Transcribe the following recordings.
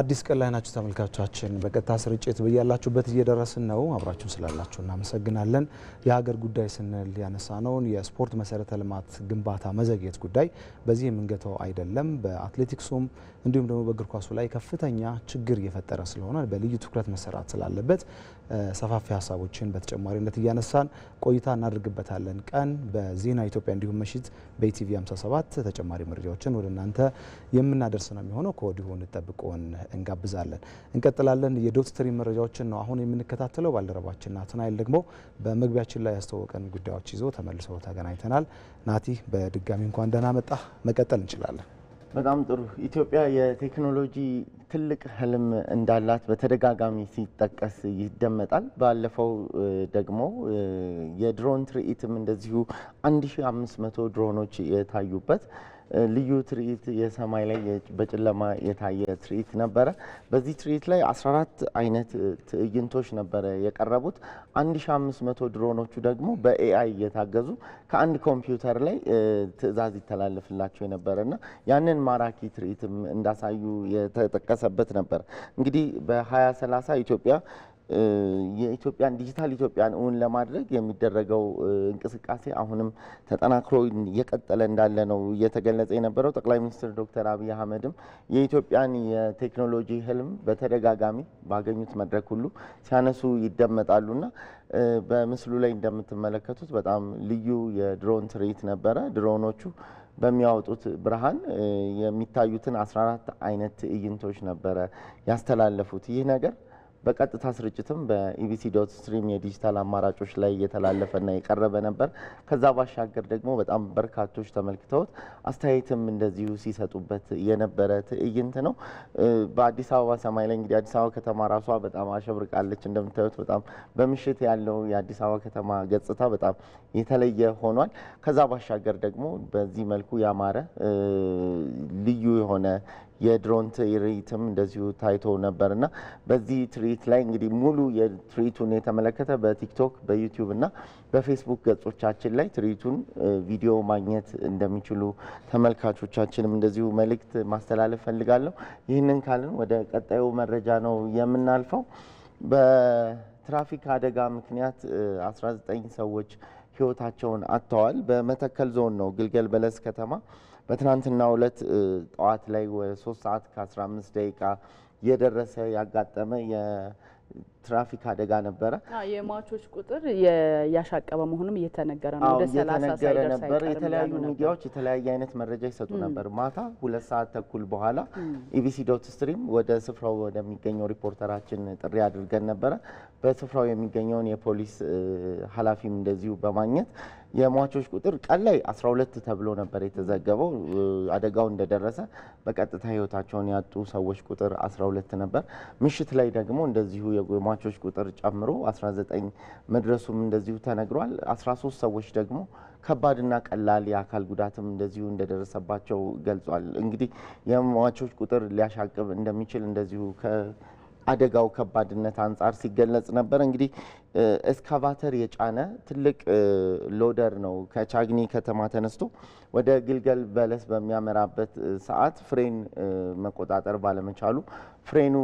አዲስ ቀን ላይ ናችሁ ተመልካቾቻችን። በቀጥታ ስርጭት በያላችሁበት እየደረስን ነው። አብራችሁን ስላላችሁ እናመሰግናለን። የሀገር ጉዳይ ስንል ያነሳነውን የስፖርት መሰረተ ልማት ግንባታ መዘግየት ጉዳይ በዚህ የምንገተው አይደለም። በአትሌቲክሱም እንዲሁም ደግሞ በእግር ኳሱ ላይ ከፍተኛ ችግር እየፈጠረ ስለሆነ በልዩ ትኩረት መሰራት ስላለበት ሰፋፊ ሀሳቦችን በተጨማሪነት እያነሳን ቆይታ እናደርግበታለን። ቀን በዜና ኢትዮጵያ እንዲሁም ምሽት በኢቲቪ 57 ተጨማሪ መረጃዎችን ወደ እናንተ የምናደርስ ነው የሚሆነው። ከወዲሁ እንጠብቆን እንጋብዛለን። እንቀጥላለን። የዶት ስትሪም መረጃዎችን ነው አሁን የምንከታተለው። ባልደረባችን ናትናኤል ደግሞ በመግቢያችን ላይ ያስተዋወቀን ጉዳዮች ይዞ ተመልሶ ተገናኝተናል። ናቲ፣ በድጋሚ እንኳን ደህና መጣ። መቀጠል እንችላለን። በጣም ጥሩ። ኢትዮጵያ የቴክኖሎጂ ትልቅ ህልም እንዳላት በተደጋጋሚ ሲጠቀስ ይደመጣል። ባለፈው ደግሞ የድሮን ትርኢትም እንደዚሁ 1500 ድሮኖች የታዩበት ልዩ ትርኢት የሰማይ ላይ በጨለማ የታየ ትርኢት ነበረ። በዚህ ትርኢት ላይ 14 አይነት ትዕይንቶች ነበረ የቀረቡት። 1500 ድሮኖቹ ደግሞ በኤአይ እየታገዙ ከአንድ ኮምፒውተር ላይ ትዕዛዝ ይተላለፍላቸው የነበረና ያንን ማራኪ ትርኢትም እንዳሳዩ የተጠቀሰበት ነበር። እንግዲህ በ2030 ኢትዮጵያ የኢትዮጵያን ዲጂታል ኢትዮጵያን እውን ለማድረግ የሚደረገው እንቅስቃሴ አሁንም ተጠናክሮ እየቀጠለ እንዳለ ነው እየተገለጸ የነበረው። ጠቅላይ ሚኒስትር ዶክተር አብይ አህመድም የኢትዮጵያን የቴክኖሎጂ ህልም በተደጋጋሚ ባገኙት መድረክ ሁሉ ሲያነሱ ይደመጣሉና በምስሉ ላይ እንደምትመለከቱት በጣም ልዩ የድሮን ትርኢት ነበረ። ድሮኖቹ በሚያወጡት ብርሃን የሚታዩትን 14 አይነት ትዕይንቶች ነበረ ያስተላለፉት ይህ ነገር በቀጥታ ስርጭትም በኢቢሲ ዶት ስትሪም የዲጂታል አማራጮች ላይ እየተላለፈና የቀረበ ነበር። ከዛ ባሻገር ደግሞ በጣም በርካቶች ተመልክተውት አስተያየትም እንደዚሁ ሲሰጡበት የነበረ ትዕይንት ነው። በአዲስ አበባ ሰማይ ላይ እንግዲህ አዲስ አበባ ከተማ ራሷ በጣም አሸብርቃለች። እንደምታዩት በጣም በምሽት ያለው የአዲስ አበባ ከተማ ገጽታ በጣም የተለየ ሆኗል። ከዛ ባሻገር ደግሞ በዚህ መልኩ ያማረ ልዩ የሆነ የድሮን ትርኢትም እንደዚሁ ታይቶ ነበር እና በዚህ ትርኢት ላይ እንግዲህ ሙሉ የትርኢቱን የተመለከተ በቲክቶክ በዩቲዩብ እና በፌስቡክ ገጾቻችን ላይ ትርኢቱን ቪዲዮ ማግኘት እንደሚችሉ ተመልካቾቻችንም እንደዚሁ መልእክት ማስተላለፍ ፈልጋለሁ። ይህንን ካልን ወደ ቀጣዩ መረጃ ነው የምናልፈው። በትራፊክ አደጋ ምክንያት 19 ሰዎች ህይወታቸውን አጥተዋል። በመተከል ዞን ነው ግልገል በለስ ከተማ በትናንትናው ዕለት ጠዋት ላይ ወደ 3 ሰዓት ከ15 ደቂቃ የደረሰ ያጋጠመ ትራፊክ አደጋ ነበረ። የሟቾች ቁጥር ያሻቀበ መሆኑም እየተነገረ ነው። ወደ ሳይደርስ ነበር። የተለያዩ ሚዲያዎች የተለያየ አይነት መረጃ ይሰጡ ነበር። ማታ ሁለት ሰዓት ተኩል በኋላ ኢቢሲ ዶት ስትሪም ወደ ስፍራው ወደሚገኘው ሪፖርተራችን ጥሪ አድርገን ነበረ። በስፍራው የሚገኘውን የፖሊስ ኃላፊም እንደዚሁ በማግኘት የሟቾች ቁጥር ቀን ላይ 12 ተብሎ ነበር የተዘገበው። አደጋው እንደደረሰ በቀጥታ ህይወታቸውን ያጡ ሰዎች ቁጥር 12 ነበር። ምሽት ላይ ደግሞ እንደዚሁ የሟቾች ቁጥር ጨምሮ 19 መድረሱም እንደዚሁ ተነግሯል። 13 ሰዎች ደግሞ ከባድና ቀላል የአካል ጉዳትም እንደዚሁ እንደደረሰባቸው ገልጿል። እንግዲህ የሟቾች ቁጥር ሊያሻቅብ እንደሚችል እንደዚሁ አደጋው ከባድነት አንጻር ሲገለጽ ነበር። እንግዲህ ኤስካቫተር የጫነ ትልቅ ሎደር ነው ከቻግኒ ከተማ ተነስቶ ወደ ግልገል በለስ በሚያመራበት ሰዓት ፍሬን መቆጣጠር ባለመቻሉ ፍሬኑ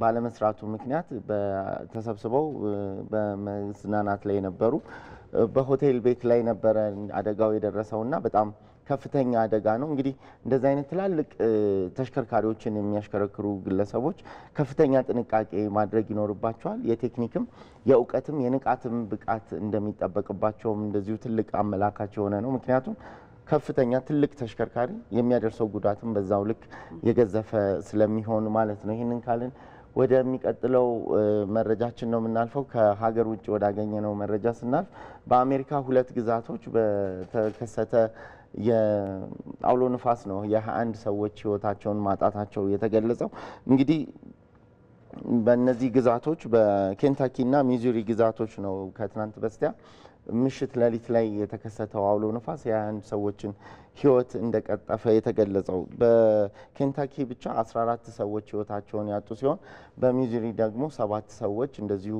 ባለመስራቱ ምክንያት ተሰብስበው በመዝናናት ላይ ነበሩ። በሆቴል ቤት ላይ ነበረ አደጋው የደረሰውና በጣም ከፍተኛ አደጋ ነው። እንግዲህ እንደዚህ አይነት ትላልቅ ተሽከርካሪዎችን የሚያሽከረክሩ ግለሰቦች ከፍተኛ ጥንቃቄ ማድረግ ይኖርባቸዋል። የቴክኒክም የእውቀትም የንቃትም ብቃት እንደሚጠበቅባቸውም እንደዚሁ ትልቅ አመላካች የሆነ ነው። ምክንያቱም ከፍተኛ ትልቅ ተሽከርካሪ የሚያደርሰው ጉዳትም በዛው ልክ የገዘፈ ስለሚሆን ማለት ነው። ይህንን ካልን ወደሚቀጥለው መረጃችን ነው የምናልፈው። ከሀገር ውጭ ወዳገኘ ነው መረጃ ስናልፍ በአሜሪካ ሁለት ግዛቶች በተከሰተ የአውሎ ንፋስ ነው የ አንድ ሰዎች ህይወታቸውን ማጣታቸው የተገለጸው። እንግዲህ በእነዚህ ግዛቶች በኬንታኪና ሚዙሪ ግዛቶች ነው ከትናንት በስቲያ ምሽት ሌሊት ላይ የተከሰተው አውሎ ንፋስ የ አንድ ሰዎችን ህይወት እንደቀጠፈ የተገለጸው። በኬንታኪ ብቻ 14 ሰዎች ህይወታቸውን ያጡ ሲሆን በሚዙሪ ደግሞ ሰባት ሰዎች እንደዚሁ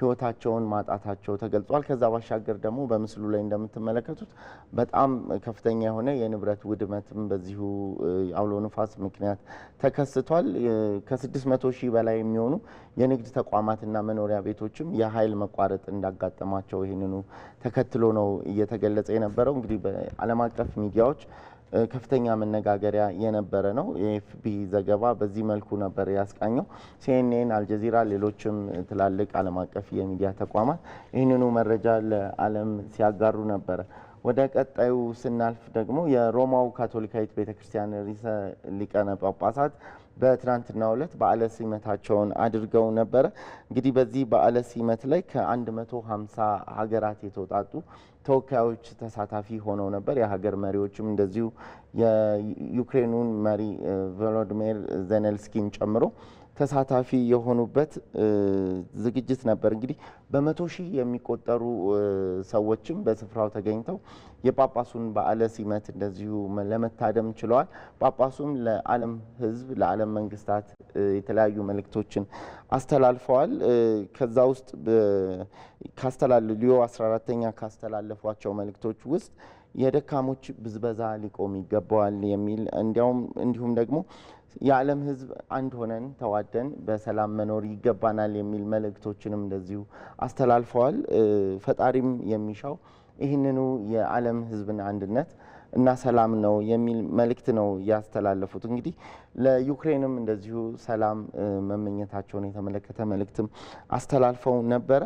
ህይወታቸውን ማጣታቸው ተገልጿል። ከዛ ባሻገር ደግሞ በምስሉ ላይ እንደምትመለከቱት በጣም ከፍተኛ የሆነ የንብረት ውድመትም በዚሁ አውሎ ንፋስ ምክንያት ተከስቷል። ከ600 ሺህ በላይ የሚሆኑ የንግድ ተቋማትና መኖሪያ ቤቶችም የኃይል መቋረጥ እንዳጋጠማቸው ይህንኑ ተከትሎ ነው እየተገለጸ የነበረው። እንግዲህ በዓለም አቀፍ ሚዲያዎች ዘገባዎች ከፍተኛ መነጋገሪያ የነበረ ነው። የኤፍቢ ዘገባ በዚህ መልኩ ነበር ያስቃኘው። ሲኤንኤን፣ አልጀዚራ፣ ሌሎችም ትላልቅ ዓለም አቀፍ የሚዲያ ተቋማት ይህንኑ መረጃ ለዓለም ሲያጋሩ ነበረ። ወደ ቀጣዩ ስናልፍ ደግሞ የሮማው ካቶሊካዊት ቤተክርስቲያን ርዕሰ ሊቃነ ጳጳሳት በትናንትና ዕለት በዓለ ሲመታቸውን አድርገው ነበረ። እንግዲህ በዚህ በዓለ ሲመት ላይ ከ150 ሀገራት የተውጣጡ ተወካዮች ተሳታፊ ሆነው ነበር። የሀገር መሪዎችም እንደዚሁ የዩክሬኑን መሪ ቮሎዲሚር ዘነልስኪን ጨምሮ ተሳታፊ የሆኑበት ዝግጅት ነበር። እንግዲህ በመቶ ሺህ የሚቆጠሩ ሰዎችም በስፍራው ተገኝተው የጳጳሱን በዓለ ሲመት እንደዚሁ ለመታደም ችለዋል። ጳጳሱም ለዓለም ሕዝብ ለዓለም መንግስታት የተለያዩ መልእክቶችን አስተላልፈዋል። ከዛ ውስጥ ሊዮ 14ተኛ ካስተላለፏቸው መልእክቶች ውስጥ የደካሞች ብዝበዛ ሊቆም ይገባዋል የሚል እንዲያውም እንዲሁም ደግሞ የዓለም ሕዝብ አንድ ሆነን ተዋደን በሰላም መኖር ይገባናል የሚል መልእክቶችንም እንደዚሁ አስተላልፈዋል። ፈጣሪም የሚሻው ይህንኑ የዓለም ሕዝብን አንድነት እና ሰላም ነው የሚል መልእክት ነው ያስተላለፉት። እንግዲህ ለዩክሬንም እንደዚሁ ሰላም መመኘታቸውን የተመለከተ መልእክትም አስተላልፈው ነበረ።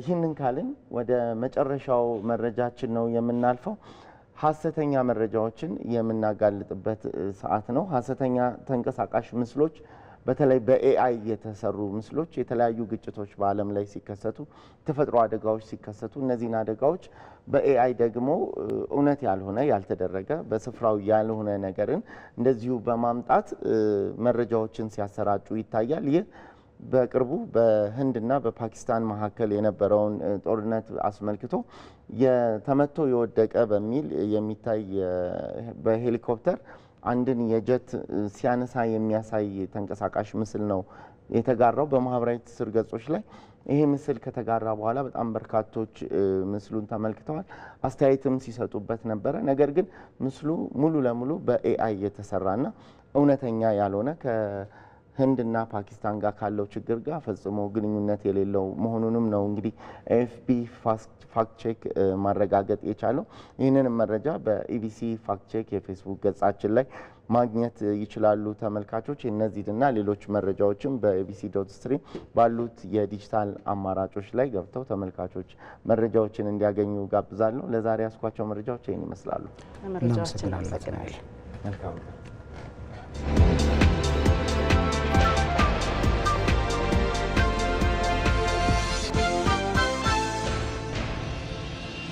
ይህንን ካልን ወደ መጨረሻው መረጃችን ነው የምናልፈው። ሀሰተኛ መረጃዎችን የምናጋልጥበት ሰዓት ነው። ሀሰተኛ ተንቀሳቃሽ ምስሎች በተለይ በኤአይ የተሰሩ ምስሎች የተለያዩ ግጭቶች በዓለም ላይ ሲከሰቱ፣ ተፈጥሮ አደጋዎች ሲከሰቱ እነዚህን አደጋዎች በኤአይ ደግሞ እውነት ያልሆነ ያልተደረገ በስፍራው ያልሆነ ነገርን እንደዚሁ በማምጣት መረጃዎችን ሲያሰራጩ ይታያል። ይህ በቅርቡ በህንድና በፓኪስታን መካከል የነበረውን ጦርነት አስመልክቶ የተመቶ የወደቀ በሚል የሚታይ በሄሊኮፕተር አንድን የጀት ሲያነሳ የሚያሳይ ተንቀሳቃሽ ምስል ነው የተጋራው በማህበራዊ ትስስር ገጾች ላይ። ይሄ ምስል ከተጋራ በኋላ በጣም በርካቶች ምስሉን ተመልክተዋል፣ አስተያየትም ሲሰጡበት ነበረ። ነገር ግን ምስሉ ሙሉ ለሙሉ በኤአይ የተሰራና እውነተኛ ያልሆነ ህንድና ፓኪስታን ጋር ካለው ችግር ጋር ፈጽሞ ግንኙነት የሌለው መሆኑንም ነው እንግዲህ ኤፍቢ ፋክት ቼክ ማረጋገጥ የቻለው። ይህንንም መረጃ በኢቢሲ ፋክት ቼክ የፌስቡክ ገጻችን ላይ ማግኘት ይችላሉ ተመልካቾች። እነዚህና ሌሎች መረጃዎችም በኤቢሲ ዶት ስትሪም ባሉት የዲጂታል አማራጮች ላይ ገብተው ተመልካቾች መረጃዎችን እንዲያገኙ ጋብዛለሁ። ለዛሬ ያስኳቸው መረጃዎች ይህን ይመስላሉ።